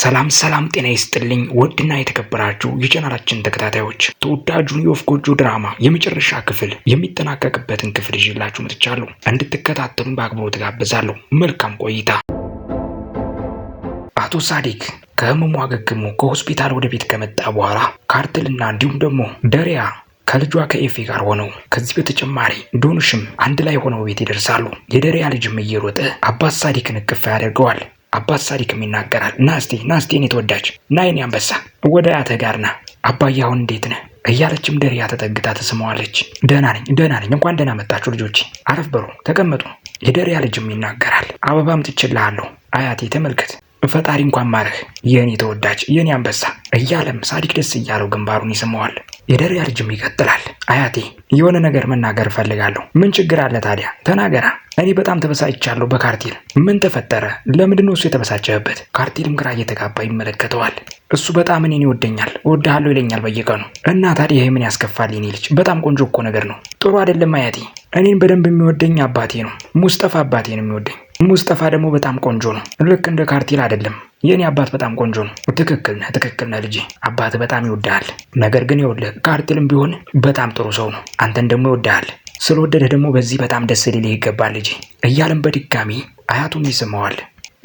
ሰላም ሰላም፣ ጤና ይስጥልኝ ውድና የተከበራችሁ የቻናላችን ተከታታዮች ተወዳጁን የወፍ ጎጆ ድራማ የመጨረሻ ክፍል የሚጠናቀቅበትን ክፍል ይዤላችሁ መጥቻለሁ። እንድትከታተሉን በአክብሮት ጋብዛለሁ። መልካም ቆይታ። አቶ ሳዲክ ከህመሙ አገግሞ ከሆስፒታል ወደ ቤት ከመጣ በኋላ ካርትልና እንዲሁም ደግሞ ደሪያ ከልጇ ከኤፌ ጋር ሆነው ከዚህ በተጨማሪ ዶንሽም አንድ ላይ ሆነው ቤት ይደርሳሉ። የደሪያ ልጅም እየሮጠ አባት ሳዲክን እቅፍ ያደርገዋል። አባት ሳዲክም ይናገራል። ናስቲ ናስቲ፣ ና ተወዳጅ ናይን አንበሳ ወደ አያተ ጋር ና አባዬ አሁን እንዴት ነህ? እያለችም ደርያ ተጠግታ ተስመዋለች። ደህና ነኝ ደህና ነኝ፣ እንኳን ደህና መጣችሁ ልጆቼ፣ አረፍ በሩ ተቀመጡ። የደሪያ ልጅም ይናገራል። አበባም አምጥቼልሃለሁ አያቴ ተመልከት፣ ፈጣሪ እንኳን ማረህ የኔ ተወዳጅ የኔ አንበሳ እያለም ሳዲክ ደስ እያለው ግንባሩን ይስመዋል። የደሪያ ልጅም ይቀጥላል። አያቴ የሆነ ነገር መናገር እፈልጋለሁ። ምን ችግር አለ ታዲያ? ተናገራ። እኔ በጣም ተበሳጭቻለሁ በካርቴል። ምን ተፈጠረ? ለምንድን ነው እሱ የተበሳጨበት? ካርቴልም ግራ እየተጋባ ይመለከተዋል። እሱ በጣም እኔን ይወደኛል፣ እወድሃለሁ ይለኛል በየቀኑ እና ታዲያ ይህ ምን ያስከፋል? የኔ ልጅ በጣም ቆንጆ እኮ ነገር ነው። ጥሩ አይደለም አያቴ። እኔን በደንብ የሚወደኝ አባቴ ነው። ሙስጠፋ አባቴ ነው የሚወደኝ ሙስጠፋ ደግሞ በጣም ቆንጆ ነው። ልክ እንደ ካርቴል አይደለም። የእኔ አባት በጣም ቆንጆ ነው። ትክክል ነህ፣ ትክክል ነህ ልጄ። አባት በጣም ይወድሃል። ነገር ግን ይኸውልህ ካርቴልም ቢሆን በጣም ጥሩ ሰው ነው። አንተን ደግሞ ይወድሃል። ስለወደደህ ደግሞ በዚህ በጣም ደስ ሊልህ ይገባል ልጄ እያለም በድጋሚ አያቱን ይስመዋል።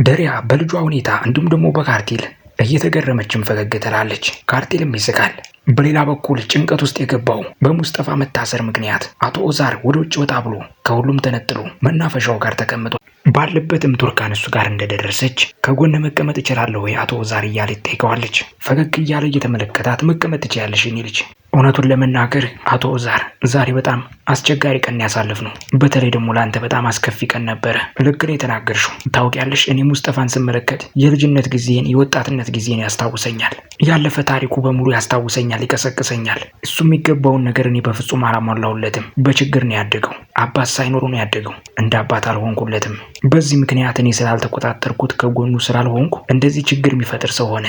ደሪያ በልጇ ሁኔታ እንዲሁም ደግሞ በካርቴል እየተገረመችም ፈገግ ትላለች። ካርቴልም ይስቃል። በሌላ በኩል ጭንቀት ውስጥ የገባው በሙስጠፋ መታሰር ምክንያት አቶ ኦዛር ወደ ውጭ ወጣ ብሎ ከሁሉም ተነጥሎ መናፈሻው ጋር ተቀምጧል። ባለበትም ቱርካን እሱ ጋር እንደደረሰች ከጎን መቀመጥ እችላለሁ ወይ አቶ ኦዛር እያለ ይጠይቀዋለች። ፈገግ እያለ እየተመለከታት መቀመጥ ትችያለሽ የኔ ልጅ። እውነቱን ለመናገር አቶ ኦዛር ዛሬ በጣም አስቸጋሪ ቀን ያሳልፍ ነው። በተለይ ደግሞ ለአንተ በጣም አስከፊ ቀን ነበረ። ልክ ነው የተናገርሽው። ታውቂያለሽ፣ እኔ ሙስጠፋን ስመለከት የልጅነት ጊዜን የወጣትነት ጊዜን ያስታውሰኛል። ያለፈ ታሪኩ በሙሉ ያስታውሰኛል ያስለቅሰኛል፣ ይቀሰቅሰኛል። እሱ የሚገባውን ነገር እኔ በፍጹም አላሟላሁለትም። በችግር ነው ያደገው። አባት ሳይኖሩ ነው ያደገው። እንደ አባት አልሆንኩለትም። በዚህ ምክንያት እኔ ስላልተቆጣጠርኩት፣ ከጎኑ ስላልሆንኩ እንደዚህ ችግር የሚፈጥር ሰው ሆነ።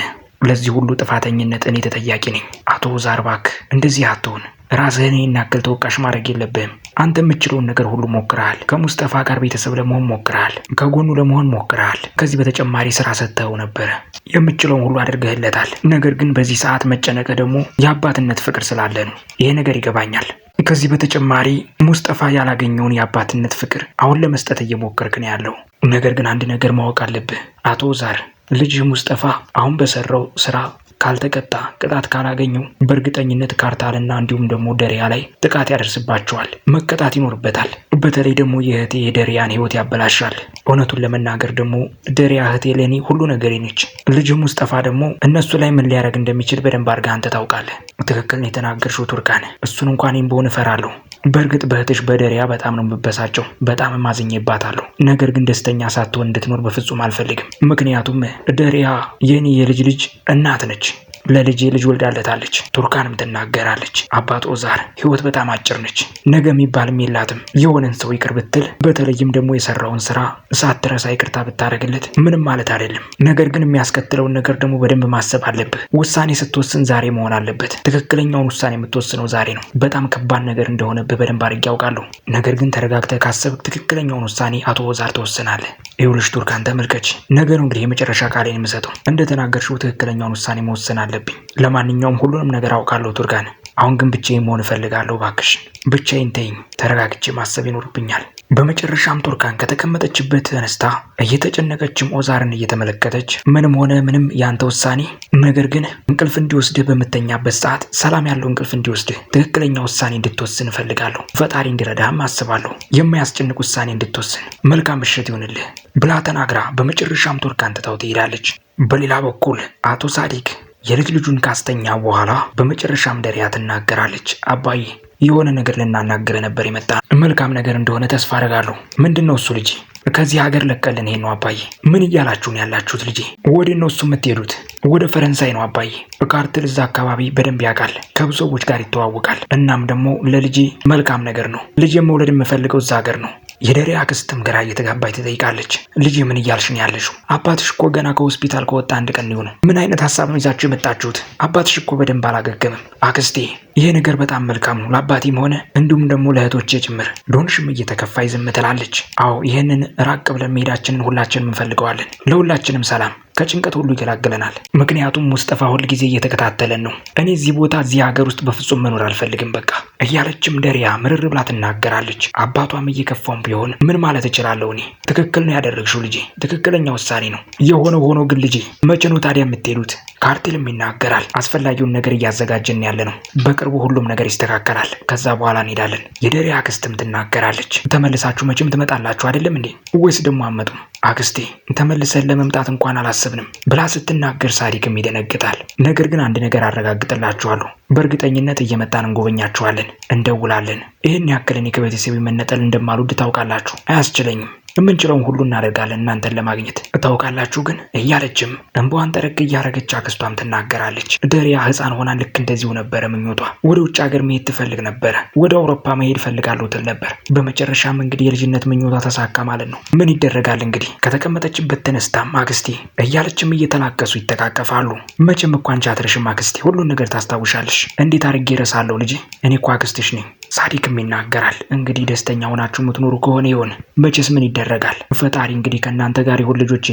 ለዚህ ሁሉ ጥፋተኝነት እኔ ተጠያቂ ነኝ። አቶ ዛርባክ እንደዚህ አትሆን። ራስህን ይህን ያክል ተወቃሽ ማድረግ የለብህም። አንተ የምችለውን ነገር ሁሉ ሞክረሃል። ከሙስጠፋ ጋር ቤተሰብ ለመሆን ሞክረሃል። ከጎኑ ለመሆን ሞክረሃል። ከዚህ በተጨማሪ ስራ ሰጥተው ነበረ። የምችለውን ሁሉ አድርገህለታል። ነገር ግን በዚህ ሰዓት መጨነቀ ደግሞ የአባትነት ፍቅር ስላለ ነው። ይሄ ነገር ይገባኛል። ከዚህ በተጨማሪ ሙስጠፋ ያላገኘውን የአባትነት ፍቅር አሁን ለመስጠት እየሞከርክ ነው ያለው። ነገር ግን አንድ ነገር ማወቅ አለብህ አቶ ዛር ልጅህ ሙስጠፋ አሁን በሰራው ስራ ካልተቀጣ ቅጣት ካላገኙ በእርግጠኝነት ካርታልና እንዲሁም ደግሞ ደሪያ ላይ ጥቃት ያደርስባቸዋል። መቀጣት ይኖርበታል። በተለይ ደግሞ የእህቴ የደሪያን ህይወት ያበላሻል። እውነቱን ለመናገር ደግሞ ደሪያ እህቴ ለእኔ ሁሉ ነገሬ ነች። ልጅ ሙስጠፋ ደግሞ እነሱ ላይ ምን ሊያደርግ እንደሚችል በደንብ አድርገህ አንተ ታውቃለህ። ትክክል ነው የተናገርሽው ቱርካን። እሱን እንኳን እኔም ብሆን እፈራለሁ። በእርግጥ በእህትሽ በደሪያ በጣም ነው የምበሳቸው፣ በጣም ማዝኜባታለሁ። ነገር ግን ደስተኛ ሳትሆን እንድትኖር በፍጹም አልፈልግም። ምክንያቱም ደሪያ የኔ የልጅ ልጅ እናት ነች። ለልጅ ልጅ ወልዳለታለች። ቱርካንም ትናገራለች፣ አባት ኦዛር ህይወት በጣም አጭር ነች፣ ነገ የሚባልም የላትም። የሆነን ሰው ይቅር ብትል፣ በተለይም ደግሞ የሰራውን ስራ ሳትረሳ ይቅርታ ብታደርግለት ምንም ማለት አይደለም። ነገር ግን የሚያስከትለውን ነገር ደግሞ በደንብ ማሰብ አለብህ። ውሳኔ ስትወስን ዛሬ መሆን አለበት። ትክክለኛውን ውሳኔ የምትወስነው ዛሬ ነው። በጣም ከባድ ነገር እንደሆነብህ በደንብ አድርጌ ያውቃለሁ። ነገር ግን ተረጋግተህ ካሰብክ ትክክለኛውን ውሳኔ አቶ ኦዛር ትወስናለህ። ይኸውልሽ ቱርካን ተመልከች፣ ነገ ነው እንግዲህ የመጨረሻ ቃሌን የምሰጠው። እንደተናገርሽው ትክክለኛውን ውሳኔ መወሰናል አለብኝ። ለማንኛውም ሁሉንም ነገር አውቃለሁ ቱርጋን አሁን ግን ብቻዬን መሆን እፈልጋለሁ። እባክሽ ብቻዬን ተይኝ። ተረጋግቼ ማሰብ ይኖርብኛል። በመጨረሻም ቱርካን ከተቀመጠችበት ተነስታ እየተጨነቀችም ኦዛርን እየተመለከተች ምንም ሆነ ምንም ያንተ ውሳኔ፣ ነገር ግን እንቅልፍ እንዲወስድህ በምተኛበት ሰዓት ሰላም ያለው እንቅልፍ እንዲወስድህ ትክክለኛ ውሳኔ እንድትወስን እፈልጋለሁ። ፈጣሪ እንዲረዳህም አስባለሁ። የማያስጨንቅ ውሳኔ እንድትወስን መልካም ምሽት ይሆንልህ ብላ ተናግራ በመጨረሻም ቱርካን ትታው ትሄዳለች። በሌላ በኩል አቶ ሳዲቅ የልጅ ልጁን ካስተኛ በኋላ በመጨረሻም ደሪያ ትናገራለች። አባዬ የሆነ ነገር ልናናገረ ነበር የመጣ መልካም ነገር እንደሆነ ተስፋ አደርጋለሁ። ምንድን ነው እሱ ልጅ ከዚህ ሀገር ለቀልን ይሄ ነው አባዬ። ምን እያላችሁ ነው ያላችሁት ልጄ? ወደ ነው እሱ የምትሄዱት? ወደ ፈረንሳይ ነው አባዬ። ካርትል እዛ አካባቢ በደንብ ያውቃል፣ ከብዙ ሰዎች ጋር ይተዋወቃል። እናም ደግሞ ለልጄ መልካም ነገር ነው። ልጄ መውለድ የምፈልገው እዛ ሀገር ነው። የደሬ አክስትም ግራ እየተጋባች ትጠይቃለች። ልጅ ምን እያልሽ ነው ያለሽው? አባትሽ እኮ ገና ከሆስፒታል ከወጣ አንድ ቀን ሊሆነው። ምን አይነት ሀሳብ ነው ይዛችሁ የመጣችሁት? አባትሽ እኮ በደንብ አላገገምም። አክስቴ፣ ይሄ ነገር በጣም መልካም ነው ለአባቴም ሆነ እንዲሁም ደግሞ ለእህቶቼ ጭምር። ዶንሽም እየተከፋ ዝም ትላለች። አዎ ይህንን ራቅ ብለን መሄዳችንን ሁላችንም እንፈልገዋለን። ለሁላችንም ሰላም ከጭንቀት ሁሉ ይገላግለናል። ምክንያቱም ሙስጠፋ ሁል ጊዜ እየተከታተለን ነው። እኔ እዚህ ቦታ እዚህ ሀገር ውስጥ በፍጹም መኖር አልፈልግም በቃ እያለችም ደሪያ ምርር ብላ ትናገራለች። አባቷም እየከፋም ቢሆን ምን ማለት እችላለሁ እኔ። ትክክል ነው ያደረግሽው ልጄ፣ ትክክለኛ ውሳኔ ነው የሆነው። ሆኖ ግን ልጄ መቼ ነው ታዲያ የምትሄዱት? ካርቴልም ይናገራል። አስፈላጊውን ነገር እያዘጋጀን ያለ ነው። በቅርቡ ሁሉም ነገር ይስተካከላል። ከዛ በኋላ እንሄዳለን። የደሪያ አክስትም ትናገራለች። ተመልሳችሁ መቼም ትመጣላችሁ አይደለም እንዴ? ወይስ ደግሞ አመጡ? አክስቴ ተመልሰን ለመምጣት እንኳን አላስብ አላስብንም ብላ ስትናገር ሳዲቅም ይደነግጣል። ነገር ግን አንድ ነገር አረጋግጥላችኋለሁ፣ በእርግጠኝነት እየመጣን እንጎበኛችኋለን፣ እንደውላለን። ይህን ያክል እኔ ከቤተሰብ መነጠል እንደማልወድ ታውቃላችሁ። አያስችለኝም። የምንችለውን ሁሉ እናደርጋለን እናንተን ለማግኘት እታውቃላችሁ ግን እያለችም እንባዋን ጠረግ እያረገች አክስቷም ትናገራለች። ደሪያ ህፃን ሆና ልክ እንደዚሁ ነበረ ምኞቷ። ወደ ውጭ ሀገር መሄድ ትፈልግ ነበረ። ወደ አውሮፓ መሄድ ፈልጋለሁ ትል ነበር። በመጨረሻም እንግዲህ የልጅነት ምኞቷ ተሳካ ማለት ነው። ምን ይደረጋል እንግዲህ ከተቀመጠችበት ተነስታም አክስቴ እያለችም እየተላቀሱ ይተቃቀፋሉ። መቼም እኮ አንቺ አትረሽም አክስቴ፣ ሁሉን ነገር ታስታውሻለሽ። እንዴት አድርጌ እረሳለሁ ልጄ? እኔ እኮ አክስትሽ ነኝ ሳዲክም ይናገራል። እንግዲህ ደስተኛ ሆናችሁ የምትኖሩ ከሆነ ይሆን መቼስ ምን ይደረጋል። ፈጣሪ እንግዲህ ከእናንተ ጋር ይሁን። ልጆቼ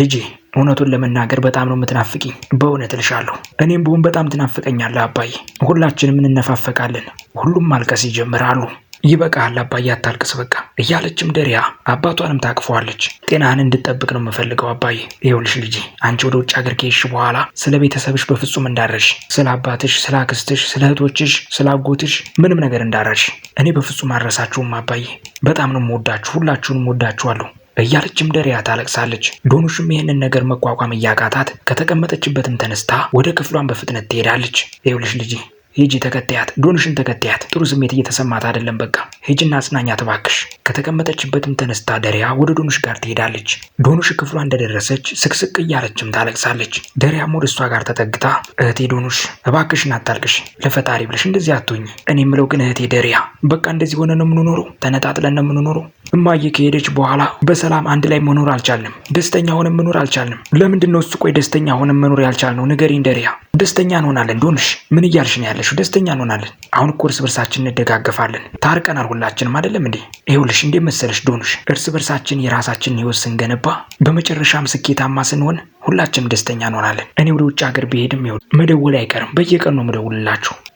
ልጄ እውነቱን ለመናገር በጣም ነው የምትናፍቂኝ፣ በእውነት እልሻለሁ። እኔም ብሆን በጣም ትናፍቀኛለህ አባዬ። ሁላችንም እንነፋፈቃለን። ሁሉም ማልቀስ ይጀምራሉ። ይበቃሃል አባዬ አታልቅስ በቃ እያለችም ደሪያ አባቷንም ታቅፈዋለች። ጤናህን እንድጠብቅ ነው የምፈልገው አባዬ። ይኸውልሽ ልጄ አንቺ ወደ ውጭ አገር ከሄድሽ በኋላ ስለ ቤተሰብሽ በፍጹም እንዳረሽ፣ ስለ አባትሽ፣ ስለ አክስትሽ፣ ስለ እህቶችሽ፣ ስለ አጎትሽ ምንም ነገር እንዳረሽ። እኔ በፍጹም አረሳችሁም አባዬ። በጣም ነው የምወዳችሁ፣ ሁላችሁንም ወዳችኋለሁ እያለችም ደሪያ ታለቅሳለች። ዶኑሽም ይህንን ነገር መቋቋም እያቃታት ከተቀመጠችበትም ተነስታ ወደ ክፍሏን በፍጥነት ትሄዳለች። ይኸውልሽ ልጄ ሂጂ ተከታያት ዶንሽን ተከታያት ጥሩ ስሜት እየተሰማት አይደለም። በቃ ሂጂና አጽናኛ እባክሽ። ከተቀመጠችበትም ተነስታ ደሪያ ወደ ዶኑሽ ጋር ትሄዳለች። ዶኑሽ ክፍሏ እንደደረሰች ስቅስቅ እያለችም ታለቅሳለች። ደሪያም ወደ እሷ ጋር ተጠግታ እህቴ ዶኑሽ እባክሽን አታልቅሽ፣ ለፈጣሪ ብለሽ እንደዚህ አትሁኝ። እኔ የምለው ግን እህቴ ደሪያ በቃ እንደዚህ ሆነ ነው የምንኖረው፣ ተነጣጥለን ነው የምንኖረው። እማዬ ከሄደች በኋላ በሰላም አንድ ላይ መኖር አልቻልንም፣ ደስተኛ ሆነን መኖር አልቻልንም። ለምንድን ነው እሱ ቆይ ደስተኛ ሆነን መኖር ያልቻልነው? ንገሪኝ ደሪያ። ደስተኛ እንሆናለን ዶንሽ ምን እያልሽ ነው ያለሽው? ደስተኛ እንሆናለን። አሁን እኮ እርስ በርሳችን እንደጋገፋለን፣ ታርቀናል ሁላችንም አይደለም እንዴ? ይኸውልሽ እንዴ መሰለሽ ዶኑሽ፣ እርስ በርሳችን የራሳችንን ህይወት ስንገነባ በመጨረሻም ስኬታማ ስንሆን ሁላችንም ደስተኛ እንሆናለን። እኔ ወደ ውጭ ሀገር ብሄድም ይኸውልሽ መደወል አይቀርም፣ በየቀኑ ነው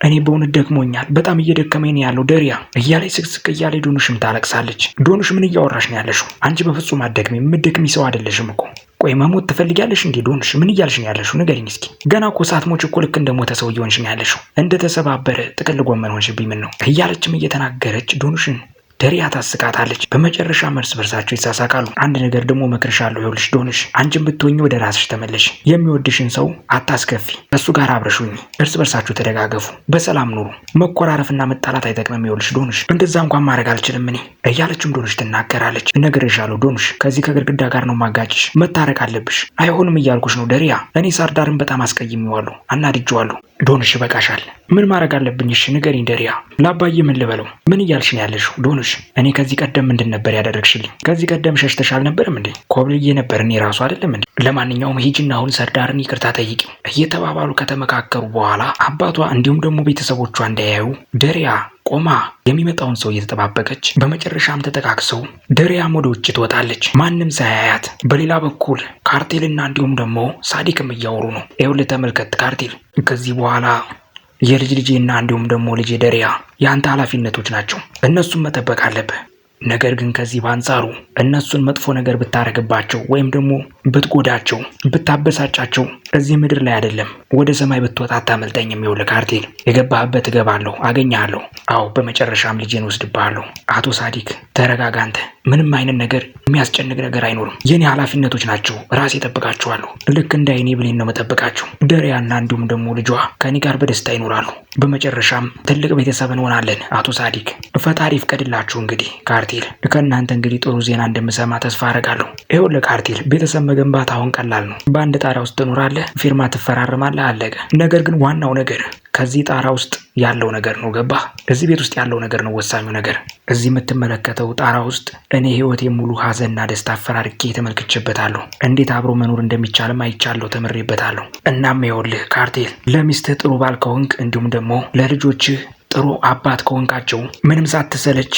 እኔ በእውነት ደክሞኛል፣ በጣም እየደከመኝ ያለው ደሪያ እያለች ስቅስቅ እያለ ዶኑሽም ታለቅሳለች። ዶኑሽ ምን እያወራሽ ነው ያለሽው? አንቺ በፍጹም አትደክሚ፣ የምደክሚ ሰው አይደለሽም እኮ። ቆይ መሞት ትፈልጊያለሽ እንዴ ዶኑሽ? ምን እያልሽ ነው ያለሽው? ንገሪኝ እስኪ። ገና እኮ ሳትሞች እኮ ልክ እንደሞተ ሰው እየሆንሽ ነው ያለሽው። እንደተሰባበረ ጥቅል ጎመን ሆንሽብኝ። ምን ነው እያለችም እየተናገረች ዶኑሽን ደሪያ ታስቃታለች። በመጨረሻ እርስ በርሳቸው ይሳሳቃሉ። አንድ ነገር ደግሞ እመክርሻለሁ፣ ይኸውልሽ ዶንሽ፣ አንቺን ብትሆኚ ወደ ራስሽ ተመለሽ። የሚወድሽን ሰው አታስከፊ፣ ከእሱ ጋር አብረሹኝ። እርስ በርሳችሁ ተደጋገፉ፣ በሰላም ኑሩ። መኮራረፍና መጣላት አይጠቅምም። ይኸውልሽ ዶንሽ፣ እንደዛ እንኳን ማድረግ አልችልም እኔ እያለችም ዶንሽ ትናገራለች። እነግርሻለሁ ዶንሽ፣ ከዚህ ከግድግዳ ጋር ነው ማጋጭሽ። መታረቅ አለብሽ። አይሆንም እያልኩሽ ነው ደሪያ። እኔ ሳርዳርን በጣም አስቀይሜዋለሁ፣ አናድጄዋለሁ። ዶንሽ ይበቃሻል። ምን ማድረግ አለብኝ? እሺ ንገሪኝ ደሪያ። ለአባዬ ምን ልበለው? ምን እያልሽ ነው ያለሽው? ዶንሽ እኔ ከዚህ ቀደም ምንድን ነበር ያደረግሽልኝ? ከዚህ ቀደም ሸሽተሽ አልነበርም እንዴ? ኮብልዬ ነበር እኔ ራሱ አይደለም እንዴ? ለማንኛውም ሂጂና አሁን ሰርዳርን ይቅርታ ጠይቂ። እየተባባሉ ከተመካከሩ በኋላ አባቷ እንዲሁም ደግሞ ቤተሰቦቿ እንዳያዩ ደሪያ ቆማ የሚመጣውን ሰው እየተጠባበቀች በመጨረሻም ተጠቃቅሰው ደሪያም ወደ ውጭ ትወጣለች፣ ማንም ሳያያት። በሌላ በኩል ካርቴልና እንዲሁም ደግሞ ሳዲክም እያወሩ ነው። ይኸውልህ ተመልከት ካርቴል፣ ከዚህ በኋላ የልጅ ልጄና እንዲሁም ደግሞ ልጄ ደሪያ የአንተ ኃላፊነቶች ናቸው። እነሱም መጠበቅ አለብህ። ነገር ግን ከዚህ በአንጻሩ እነሱን መጥፎ ነገር ብታረግባቸው ወይም ደግሞ ብትጎዳቸው፣ ብታበሳጫቸው እዚህ ምድር ላይ አይደለም ወደ ሰማይ ብትወጣ አታመልጠኝ ይኸውልህ ካርቴል፣ የገባህበት እገባለሁ፣ አገኘሃለሁ። አዎ በመጨረሻም ልጄን ወስድብሃለሁ። አቶ ሳዲክ ተረጋጋ አንተ። ምንም አይነት ነገር የሚያስጨንቅ ነገር አይኖርም። የኔ ኃላፊነቶች ናቸው። ራሴ እጠብቃችኋለሁ። ልክ እንደ አይኔ ብሌን ነው መጠብቃቸው። ደሪያና እንዲሁም ደግሞ ልጇ ከኔ ጋር በደስታ ይኖራሉ። በመጨረሻም ትልቅ ቤተሰብ እንሆናለን። አቶ ሳዲክ ፈጣሪ ፍቀድላችሁ እንግዲህ ካርቴል ካርቴል፣ ከእናንተ እንግዲህ ጥሩ ዜና እንደምሰማ ተስፋ አደርጋለሁ። ይኸውልህ ካርቴል፣ ቤተሰብ መገንባት አሁን ቀላል ነው። በአንድ ጣሪያ ውስጥ ትኖራለህ፣ ፊርማ ትፈራርማለህ፣ አለቀ። ነገር ግን ዋናው ነገር ከዚህ ጣራ ውስጥ ያለው ነገር ነው። ገባ? እዚህ ቤት ውስጥ ያለው ነገር ነው ወሳኙ ነገር። እዚህ የምትመለከተው ጣራ ውስጥ እኔ ህይወቴ ሙሉ ሀዘንና ደስታ አፈራርቄ ተመልክቼበታለሁ። እንዴት አብሮ መኖር እንደሚቻልም አይቻለሁ፣ ተምሬበታለሁ። እናም ይኸውልህ ካርቴል፣ ለሚስትህ ጥሩ ባል ከሆንክ እንዲሁም ደግሞ ለልጆችህ ጥሩ አባት ከሆንካቸው ምንም ሳትሰለች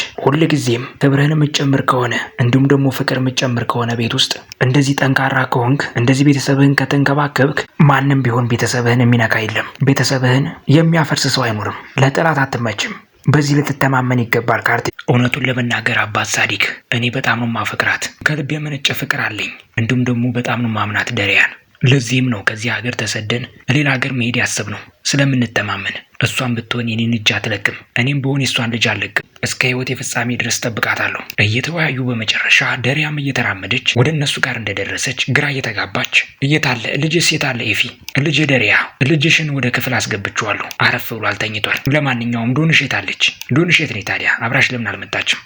ጊዜም ክብርህን የምትጨምር ከሆነ እንዲሁም ደግሞ ፍቅር የምትጨምር ከሆነ ቤት ውስጥ እንደዚህ ጠንካራ ከሆንክ እንደዚህ ቤተሰብህን ከተንከባከብክ ማንም ቢሆን ቤተሰብህን የሚነካ የለም። ቤተሰብህን የሚያፈርስ ሰው አይኖርም። ለጠላት አትመችም። በዚህ ልትተማመን ይገባል። ካርቴ እውነቱን ለመናገር አባት ሳዲክ እኔ በጣም ነው ማፈቅራት፣ ከልብ የመነጨ ፍቅር አለኝ። እንዲሁም ደግሞ በጣም ነው ማምናት ደሪያን። ለዚህም ነው ከዚህ ሀገር ተሰደን ሌላ ሀገር መሄድ ያሰብ ነው ስለምንተማመን እሷን ብትሆን የኔን እጅ አትለቅም፣ እኔም ብሆን የእሷን ልጅ አልለቅም። እስከ ህይወት የፍጻሜ ድረስ ጠብቃታለሁ። እየተወያዩ በመጨረሻ ደሪያም እየተራመደች ወደ እነሱ ጋር እንደደረሰች ግራ እየተጋባች እየታለ ልጅስ የታለ ኤፊ፣ ልጅ ደሪያ፣ ልጅሽን ወደ ክፍል አስገብችዋለሁ አረፍ ብሎ አልተኝቷል። ለማንኛውም ዶንሼት አለች። ዶንሼት ነኝ ታዲያ አብራሽ ለምን አልመጣችም?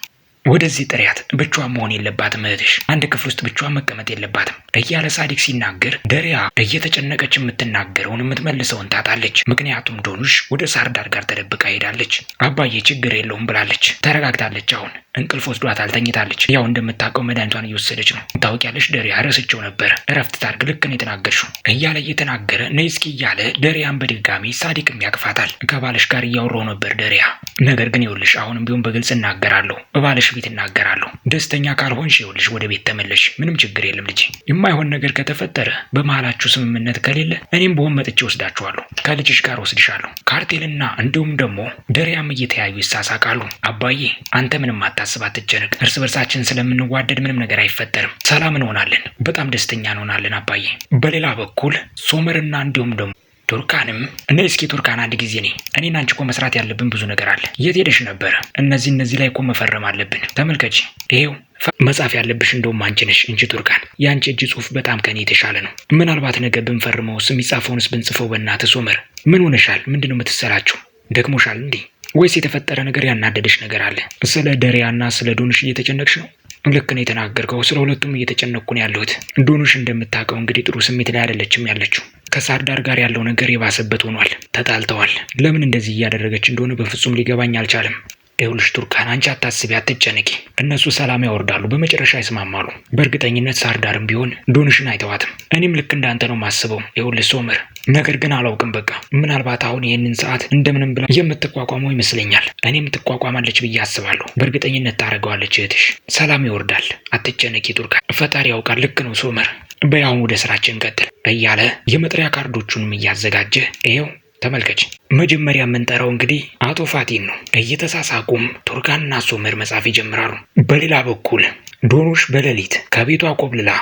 ወደዚህ ጥሪያት ብቻዋን መሆን የለባትም እህትሽ አንድ ክፍል ውስጥ ብቻዋን መቀመጥ የለባትም እያለ ሳዲክ ሲናገር ደሪያ እየተጨነቀች የምትናገረውን የምትመልሰውን ታጣለች። ምክንያቱም ዶኑሽ ወደ ሳርዳር ጋር ተደብቃ ሄዳለች። አባዬ ችግር የለውም ብላለች። ተረጋግታለች። አሁን እንቅልፍ ወስዷት አልተኝታለች። ያው እንደምታውቀው መድኃኒቷን እየወሰደች ነው። ታውቂያለሽ ደሪያ ረስቸው ነበር እረፍት ታርግ ልክ ነው የተናገርሽው እያለ እየተናገረ ነይስኪ እያለ ደሪያን በድጋሚ ሳዲቅም ያቅፋታል። ከባለሽ ጋር እያወራው ነበር ደሪያ ነገር ግን ይኸውልሽ አሁንም ቢሆን በግልጽ እናገራለሁ ባለሽ ቤት እናገራለሁ። ደስተኛ ካልሆንሽ ይኸውልሽ ወደ ቤት ተመለሽ። ምንም ችግር የለም ልጄ። የማይሆን ነገር ከተፈጠረ በመሀላችሁ ስምምነት ከሌለ እኔም በሆን መጥቼ ወስዳችኋለሁ። ከልጅሽ ጋር ወስድሻለሁ። ካርቴልና እንዲሁም ደግሞ ደሪያም እየተያዩ ይሳሳቃሉ። አባዬ አንተ ምንም አታስብ፣ አትጨነቅ። እርስ በርሳችን ስለምንዋደድ ምንም ነገር አይፈጠርም። ሰላም እንሆናለን። በጣም ደስተኛ እንሆናለን አባዬ። በሌላ በኩል ሶመርና እንዲሁም ደግሞ ቱርካንም እኔ እስኪ ቱርካን አንድ ጊዜ ኔ እኔ ናንቺ እኮ መስራት ያለብን ብዙ ነገር አለ። የት ሄደሽ ነበረ? እነዚህ እነዚህ ላይ እኮ መፈረም አለብን። ተመልከች ይሄው መጻፍ ያለብሽ እንደውም አንቺ ነሽ እንጂ ቱርካን፣ የአንቺ እጅ ጽሁፍ በጣም ከኔ የተሻለ ነው። ምናልባት ነገ ስም የሚጻፈውንስ ብንጽፈው? በእናትህ ሶመር ምን ሆነሻል? ምንድነው የምትሰራችው? ደክሞሻል እንዴ? ወይስ የተፈጠረ ነገር ያናደደሽ ነገር አለ? ስለ ደሪያና ስለ ዶንሽ እየተጨነቅሽ ነው? ልክ ነው የተናገርከው። ስለ ሁለቱም እየተጨነቅኩ ነው ያለሁት። ዶንሽ እንደምታውቀው እንግዲህ ጥሩ ስሜት ላይ አይደለችም ያለችው ከሳርዳር ጋር ያለው ነገር የባሰበት ሆኗል። ተጣልተዋል። ለምን እንደዚህ እያደረገች እንደሆነ በፍጹም ሊገባኝ አልቻለም። ይኸውልሽ ቱርካን፣ አንቺ አታስቢ፣ አትጨነቂ። እነሱ ሰላም ያወርዳሉ፣ በመጨረሻ ይስማማሉ። በእርግጠኝነት ሳርዳርም ቢሆን ዶንሽን አይተዋትም። እኔም ልክ እንዳንተ ነው ማስበው። ይኸውልሽ ሶመር፣ ነገር ግን አላውቅም። በቃ ምናልባት አሁን ይህንን ሰዓት እንደምንም ብላ የምትቋቋመው ይመስለኛል። እኔም ትቋቋማለች ብዬ አስባለሁ። በእርግጠኝነት ታደርገዋለች እህትሽ። ሰላም ይወርዳል፣ አትጨነቂ ቱርካን። ፈጣሪ ያውቃል። ልክ ነው ሶመር። በያሁን ወደ ስራችን እንቀጥል እያለ የመጥሪያ ካርዶቹንም እያዘጋጀ ይኸው ተመልከች መጀመሪያ የምንጠራው እንግዲህ አቶ ፋቲን ነው። እየተሳሳቁም ቱርካንና ሶመር መጻፍ ይጀምራሉ። በሌላ በኩል ዶኖሽ በሌሊት ከቤቷ ቆብልላ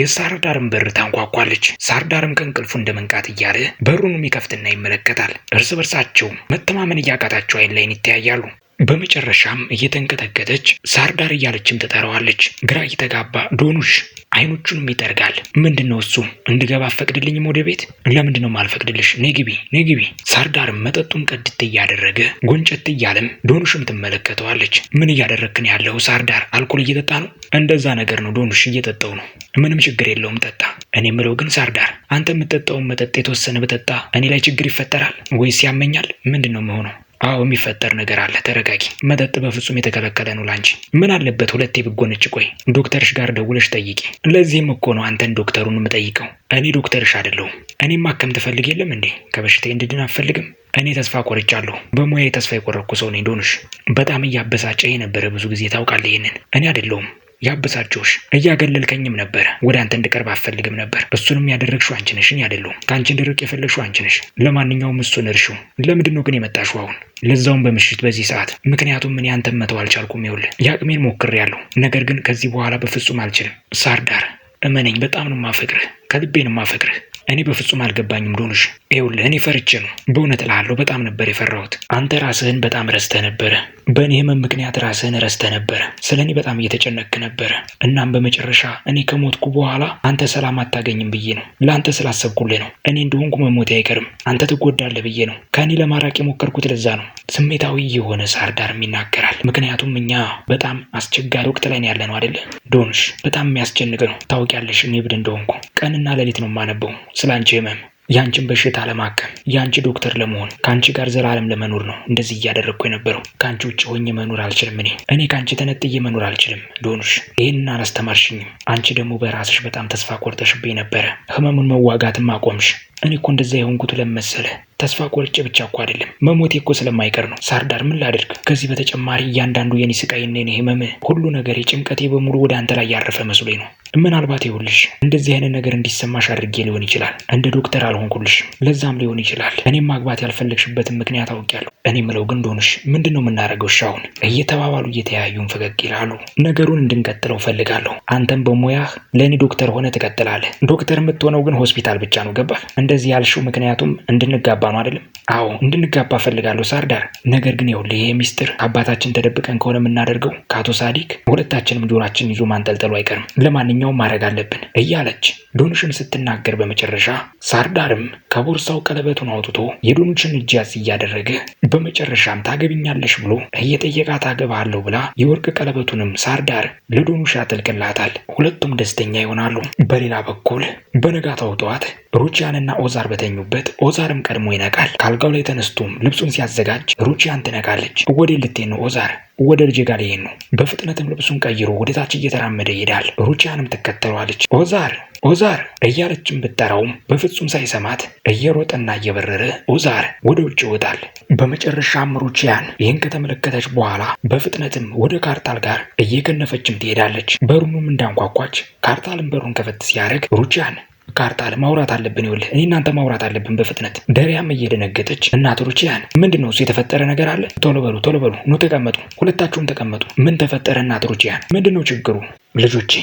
የሳርዳርን በር ታንኳኳለች። ሳርዳርም ከእንቅልፉ እንደ መንቃት እያለ በሩንም ይከፍትና ይመለከታል። እርስ በርሳቸው መተማመን እያቃታቸው አይን ላይን ይተያያሉ። በመጨረሻም እየተንቀጠቀጠች ሳርዳር እያለችም ትጠራዋለች። ግራ እየተጋባ ዶኑሽ አይኖቹንም ይጠርጋል። ምንድን ነው እሱ? እንድገባ አፈቅድልኝም ወደ ቤት? ለምንድን ነው ማልፈቅድልሽ? ንግቢ ንግቢ። ሳርዳርም መጠጡን ቀድት እያደረገ ጎንጨት እያለም ዶኑሽም ትመለከተዋለች። ምን እያደረግክን ያለው ሳር ዳር? አልኮል እየጠጣ ነው? እንደዛ ነገር ነው ዶኑሽ፣ እየጠጣው ነው። ምንም ችግር የለውም ጠጣ። እኔ ምለው ግን ሳር ዳር፣ አንተ የምጠጣውን መጠጥ የተወሰነ በጠጣ እኔ ላይ ችግር ይፈጠራል ወይስ ያመኛል? ምንድን ነው መሆነው? አዎ የሚፈጠር ነገር አለ። ተረጋጊ። መጠጥ በፍጹም የተከለከለ ነው ላንቺ። ምን አለበት ሁለቴ ብጎነጭ? ቆይ ዶክተርሽ ጋር ደውለሽ ጠይቂ። ለዚህም እኮ ነው አንተን ዶክተሩን የምጠይቀው። እኔ ዶክተርሽ አይደለሁም። እኔም ማከም ትፈልግ የለም እንዴ? ከበሽታ እንድድን አትፈልግም? እኔ ተስፋ ቆርጫለሁ። በሙያ የተስፋ የቆረኩ ሰው ነኝ። ዶንሽ በጣም እያበሳጨ የነበረ ብዙ ጊዜ ታውቃለህ። ይህንን እኔ አይደለሁም ያበሳጨሁሽ። እያገለልከኝም ነበረ። ወደ አንተ እንድቀርብ አፈልግም ነበር። እሱንም ያደረግሽው አንቺ ነሽ፣ አይደለሁም። ከአንቺ እንድርቅ የፈለግሽው አንቺ ነሽ። ለማንኛውም እሱን እርሺው። ለምንድን ነው ግን የመጣሽው አሁን ለዛውም በምሽት በዚህ ሰዓት? ምክንያቱም እኔ አንተን መተው አልቻልኩም። ይኸውልህ የአቅሜን ሞክሬያለሁ፣ ነገር ግን ከዚህ በኋላ በፍጹም አልችልም። ሳርዳር እመነኝ፣ በጣም ነው የማፈቅርህ፣ ከልቤ ነው የማፈቅርህ። እኔ በፍጹም አልገባኝም ዶንሽ። ይኸውልህ እኔ ፈርቼ ነው በእውነት እልሃለሁ፣ በጣም ነበር የፈራሁት። አንተ ራስህን በጣም ረስተህ ነበረ። በእኔ ህመም ምክንያት ራስህን ረስተህ ነበረ። ስለ እኔ በጣም እየተጨነቅክ ነበረ። እናም በመጨረሻ እኔ ከሞትኩ በኋላ አንተ ሰላም አታገኝም ብዬ ነው ለአንተ ስላሰብኩልህ ነው። እኔ እንደሆንኩ መሞት አይቀርም፣ አንተ ትጎዳለህ ብዬ ነው ከእኔ ለማራቅ የሞከርኩት። ለዛ ነው ስሜታዊ የሆነ ሳር ዳርም ይናገራል። ምክንያቱም እኛ በጣም አስቸጋሪ ወቅት ላይ ያለ ነው አይደለ ዶንሽ? በጣም የሚያስጨንቅ ነው። ታውቂያለሽ እኔ እብድ እንደሆንኩ ቀንና ሌሊት ነው የማነበው ስለ አንቺ ህመም ያንቺን በሽታ ለማከም ያንቺ ዶክተር ለመሆን ከአንቺ ጋር ዘላለም ለመኖር ነው እንደዚህ እያደረግኩ የነበረው። ከአንቺ ውጭ ሆኜ መኖር አልችልም። እኔ እኔ ከአንቺ ተነጥዬ መኖር አልችልም ዶኑሽ። ይህንን አላስተማርሽኝም። አንቺ ደግሞ በራስሽ በጣም ተስፋ ቆርጠሽብኝ ነበረ። ህመሙን መዋጋትም አቆምሽ። እኔ እኮ እንደዛ የሆንኩት ለመሰለ ተስፋ ቆርጬ ብቻ እኮ አይደለም መሞቴ እኮ ስለማይቀር ነው። ሳርዳር ምን ላድርግ? ከዚህ በተጨማሪ እያንዳንዱ የኔ ስቃይና የኔ ህመም፣ ሁሉ ነገር የጭንቀቴ በሙሉ ወደ አንተ ላይ ያረፈ መስሎኝ ነው። ምናልባት ይኸውልሽ እንደዚህ አይነት ነገር እንዲሰማሽ አድርጌ ሊሆን ይችላል። እንደ ዶክተር አልሆንኩልሽ፣ ለዛም ሊሆን ይችላል። እኔም ማግባት ያልፈለግሽበትን ምክንያት አውቄያለሁ። እኔ ምለው ግን ዶንሽ ምንድን ነው የምናደርገው? እሺ አሁን እየተባባሉ እየተያዩን ፈገግ ይላሉ። ነገሩን እንድንቀጥለው ፈልጋለሁ። አንተም በሙያህ ለእኔ ዶክተር ሆነ ትቀጥላለህ። ዶክተር የምትሆነው ግን ሆስፒታል ብቻ ነው። ገባህ? እንደዚህ ያልሽው ምክንያቱም እንድንጋባ ነው አይደለም? አዎ እንድንጋባ ፈልጋለሁ ሳርዳር። ነገር ግን ይኸውልህ ይሄ ሚስጥር አባታችን ተደብቀን ከሆነ የምናደርገው ከአቶ ሳዲክ ሁለታችንም ጆሯችን ይዞ ማንጠልጠሉ አይቀርም። ለማንኛውም ማድረግ አለብን እያለች ዶንሽን ስትናገር በመጨረሻ ሳርዳርም ከቦርሳው ቀለበቱን አውጥቶ የዶኑችን እጅ ያዝ እያደረገ በመጨረሻም ታገብኛለሽ ብሎ እየጠየቃት አገባለሁ ብላ የወርቅ ቀለበቱንም ሳርዳር ለዶኑሽ ያጠልቅላታል። ሁለቱም ደስተኛ ይሆናሉ። በሌላ በኩል በነጋታው ጠዋት ሩቺያንና ኦዛር በተኙበት ኦዛርም ቀድሞ ይነቃል። ካልጋው ላይ ተነስቶም ልብሱን ሲያዘጋጅ ሩቺያን ትነቃለች። ወደ ልትሄድ ነው ኦዛር? ወደ ልጄ ጋር ልሄድ ነው። በፍጥነትም ልብሱን ቀይሮ ወደ ታች እየተራመደ ይሄዳል። ሩቺያንም ትከተለዋለች። ኦዛር ኦዛር እያለችም ብጠራውም በፍጹም ሳይሰማት እየሮጠና እየበረረ ኦዛር ወደ ውጭ ይወጣል። በመጨረሻም ሩችያን ይህን ከተመለከተች በኋላ በፍጥነትም ወደ ካርታል ጋር እየገነፈችም ትሄዳለች። በሩኑም እንዳንኳኳች ካርታልን በሩን ከፈት ሲያደርግ ሩቺያን ካርታል ማውራት አለብን፣ ይኸውልህ እኔ እናንተ ማውራት አለብን በፍጥነት ደሪያም እየደነገጠች እናት ሩቺያን ምንድን ነው እሱ የተፈጠረ ነገር አለ? ቶሎ በሉ ቶሎ በሉ ኑ ተቀመጡ፣ ሁለታችሁም ተቀመጡ። ምን ተፈጠረ እናት ሩቺያን? ምንድን ነው ችግሩ ልጆቼ?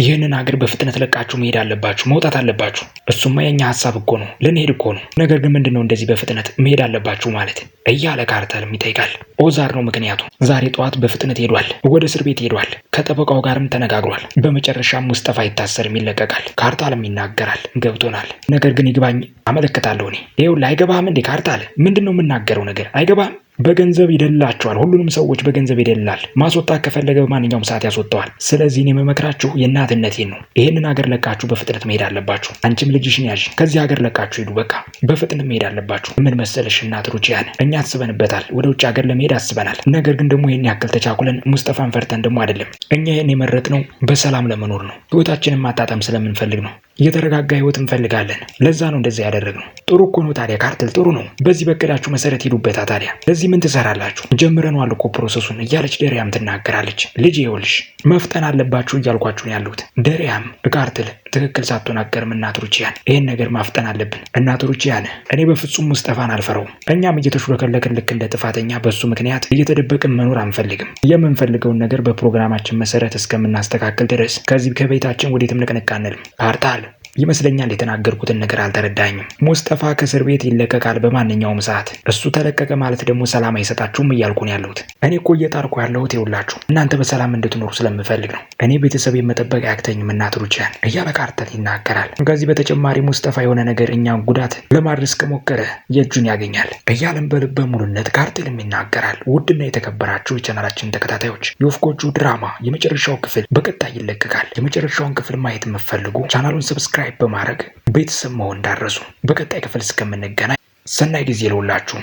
ይህንን ሀገር በፍጥነት ለቃችሁ መሄድ አለባችሁ፣ መውጣት አለባችሁ። እሱማ የኛ ሀሳብ እኮ ነው፣ ልንሄድ እኮ ነው። ነገር ግን ምንድን ነው እንደዚህ በፍጥነት መሄድ አለባችሁ ማለት እያለ ካርተልም ይጠይቃል። ኦዛር ነው ምክንያቱ። ዛሬ ጠዋት በፍጥነት ሄዷል፣ ወደ እስር ቤት ሄዷል። ከጠበቃው ጋርም ተነጋግሯል። በመጨረሻም ሙስጠፋ ይታሰርም ይለቀቃል። ካርታልም ይናገራል፣ ገብቶናል። ነገር ግን ይግባኝ አመለክታለሁ እኔ። ይኸውልህ አይገባህም እንዴ ካርታል? ምንድን ነው የምናገረው ነገር አይገባህም? በገንዘብ ይደላቸዋል። ሁሉንም ሰዎች በገንዘብ ይደላል። ማስወጣት ከፈለገ በማንኛውም ሰዓት ያስወጣዋል። ስለዚህ እኔ የምመክራችሁ የእናትነቴን ነው። ይህንን ሀገር ለቃችሁ በፍጥነት መሄድ አለባችሁ። አንቺም ልጅሽን ያዥ፣ ከዚህ ሀገር ለቃችሁ ሄዱ። በቃ በፍጥነት መሄድ አለባችሁ። ምን መሰለሽ እናት ሩቺያን፣ እኛ አስበንበታል። ወደ ውጭ ሀገር ለመሄድ አስበናል። ነገር ግን ደግሞ ይህን ያክል ተቻኩለን ሙስጠፋን ፈርተን ደግሞ አይደለም። እኛ ይህን የመረጥነው በሰላም ለመኖር ነው። ህይወታችንን ማጣጣም ስለምንፈልግ ነው። የተረጋጋ ህይወት እንፈልጋለን። ለዛ ነው እንደዚህ ያደረግነው። ጥሩ እኮ ነው ታዲያ፣ ካርትል ጥሩ ነው። በዚህ በእቅዳችሁ መሰረት ሄዱበታ ታዲያ ለዚህ ምን ትሰራላችሁ? ጀምረነዋል እኮ ፕሮሰሱን እያለች ደሪያም ትናገራለች። ልጅ ይኸውልሽ መፍጠን አለባችሁ እያልኳችሁን ነው ያለሁት። ደሪያም ካርትል ትክክል ሳትናገርም እናት ሩቺያን፣ ይህን ነገር ማፍጠን አለብን እናት ሩቺያን። እኔ በፍጹም ሙስጠፋን አልፈረውም። እኛም እየተሹለከለክን ልክ እንደ ጥፋተኛ በሱ ምክንያት እየተደበቅን መኖር አንፈልግም። የምንፈልገውን ነገር በፕሮግራማችን መሰረት እስከምናስተካከል ድረስ ከዚህ ከቤታችን ወዴትም ንቅንቅ አንልም። ካርታል ይመስለኛል የተናገርኩትን ነገር አልተረዳኝም። ሙስጠፋ ከእስር ቤት ይለቀቃል በማንኛውም ሰዓት። እሱ ተለቀቀ ማለት ደግሞ ሰላም አይሰጣችሁም እያልኩ ነው ያለሁት። እኔ እኮ እየጣርኩ ያለሁት ይውላችሁ እናንተ በሰላም እንድትኖሩ ስለምፈልግ ነው። እኔ ቤተሰብ መጠበቅ አያቅተኝም። እናት እያለ እያለቃርተን ይናገራል። ከዚህ በተጨማሪ ሙስጠፋ የሆነ ነገር እኛን ጉዳት ለማድረስ ከሞከረ የእጁን ያገኛል እያለም በልበ ሙሉነት ካርቴልም ይናገራል። ውድና የተከበራችሁ የቻናላችን ተከታታዮች የወፍ ጎጆ ድራማ የመጨረሻው ክፍል በቀጣይ ይለቀቃል። የመጨረሻውን ክፍል ማየት የምትፈልጉ ቻናሉን ሰብስክራይብ ሰብስክራይብ በማድረግ ቤተሰብ መሆን እንዳረሱ። በቀጣይ ክፍል እስከምንገናኝ ሰናይ ጊዜ ይሁንላችሁ።